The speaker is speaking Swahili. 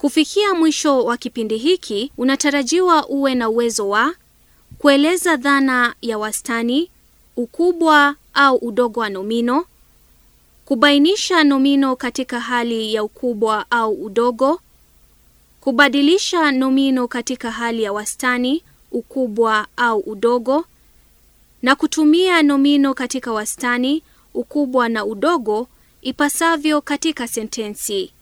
Kufikia mwisho wa kipindi hiki, unatarajiwa uwe na uwezo wa kueleza dhana ya wastani, ukubwa au udogo wa nomino, kubainisha nomino katika hali ya ukubwa au udogo, kubadilisha nomino katika hali ya wastani, ukubwa au udogo, na kutumia nomino katika wastani, ukubwa na udogo ipasavyo katika sentensi.